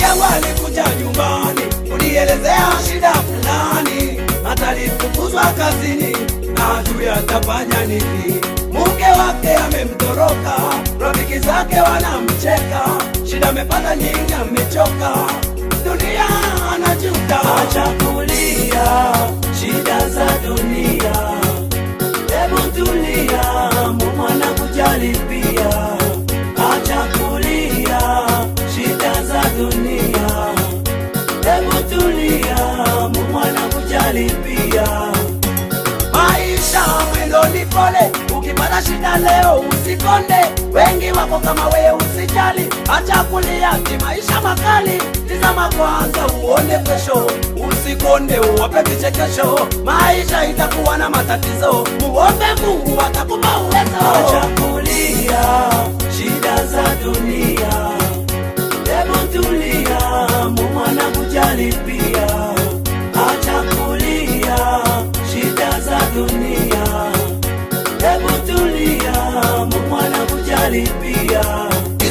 Familia walikuja nyumbani, ulielezea shida fulani, atalifukuzwa kazini na hajui atafanya nini. Muke wake amemtoroka, rafiki zake wanamcheka, shida amepata nyingi, amechoka, dunia anajuta. Acha kulia shida za dunia, hebu tulia. hebu tulia, Mungu anakujalibia maisha. Mwendo ni pole, ukipata shida leo usikonde. Wengi wako kama wewe, usijali, acha kulia, ni maisha makali. Tizama kwanza uone kesho, usikonde, uwape vichekesho. Maisha itakuwa na matatizo, muombe Mungu atakupa uwezo. Acha kulia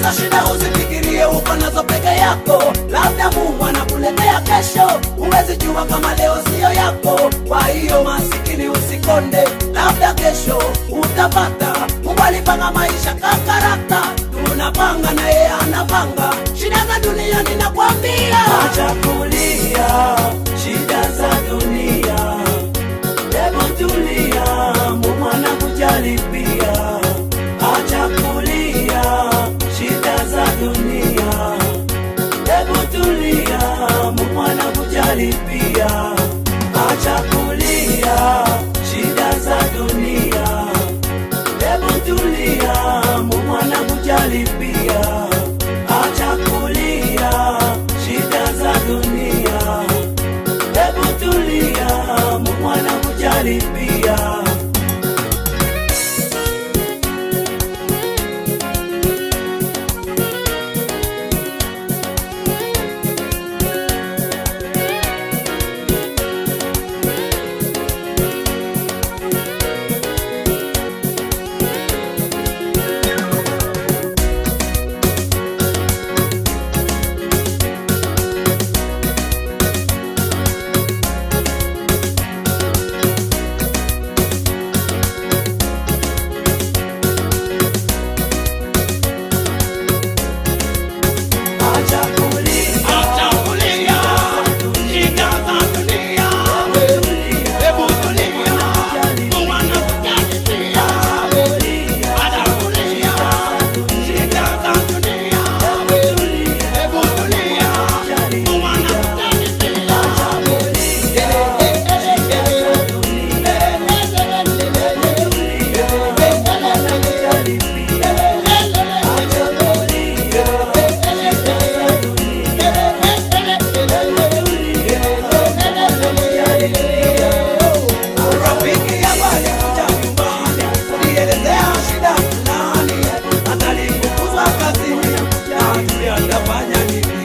Sasa shida usifikirie uko nazo peke yako, labda Mungu anakuletea kesho, uwezi jua kama leo siyo yako. Kwa hiyo masikini, usikonde, labda kesho utapata. Mungu alipanga maisha kakarata, tunapanga na yeye anapanga. Shida za dunia, ninakwambia, acha kulia utalipia, acha kulia shida za dunia, hebu tulia, Mungu utalipia, acha kulia shida za dunia, hebu tulia, Mungu utalipia atrapalha mim